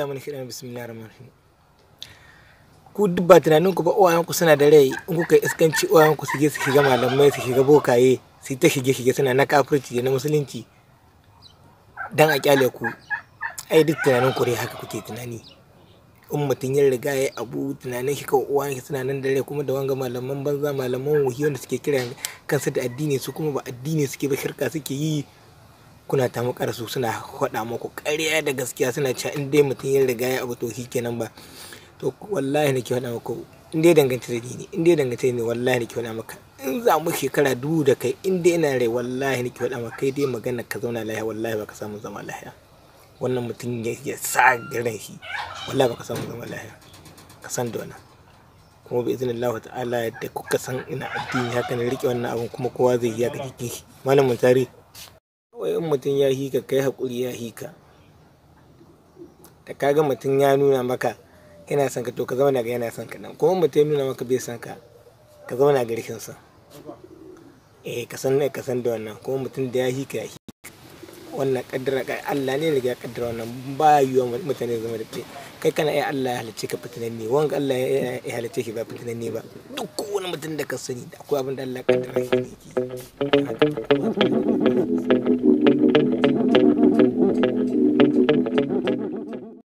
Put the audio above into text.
za mu bismillah rahman rahim ku duk ba tunanin ku ba uwayen ku suna da rai in kuka yi iskanci uwayen ku su je ga malamai su shiga bokaye su ta shige shige suna na kafirci da na musulunci dan a kyale ku ai duk tunanin ku dai haka kuke tunani in mutum ya riga ya abu tunanin shi kawai uwayen shi suna nan da rai kuma da wanga malaman banza malaman wuhi wanda suke kiran kansu da addini su kuma ba addini suke ba shirka suke yi kuna ta makara su suna faɗa muku ƙarya da gaskiya suna cewa in dai mutum ya riga ya abu to shi kenan ba to wallahi nake faɗa muku in dai dangance da ni in dai dangance da wallahi nake faɗa maka in za mu shekara dubu da kai in dai ina rai wallahi nake faɗa maka kai dai magana ka zauna lahiya wallahi baka samu zama lahiya wannan mutum ya sa garin shi wallahi baka samu zama lahiya ka san da wannan kuma bi izinin Allah ta'ala da kuka san ina addini haka ne rike wannan abun kuma kowa zai yi ya ga jikin shi malamin tarihi wai in mutum ya hika kai haƙuri ya hika da kaga mutum ya nuna maka yana son ka to ka zama ga yana son ka nan kuma mutum ya nuna maka bai son ka ka zama daga rikin sa eh ka san ka san da wannan kuma mutum da ya hika ya hika wannan kaddara kai Allah ne riga kaddara wannan ba yiwa mutane zama da ke kai kana ai Allah ya halicce ka fitinan ne wanga Allah ya halicce ki ba fitinan ne ba duk wani mutum da ka sani akwai abin da Allah ya kaddara shi ne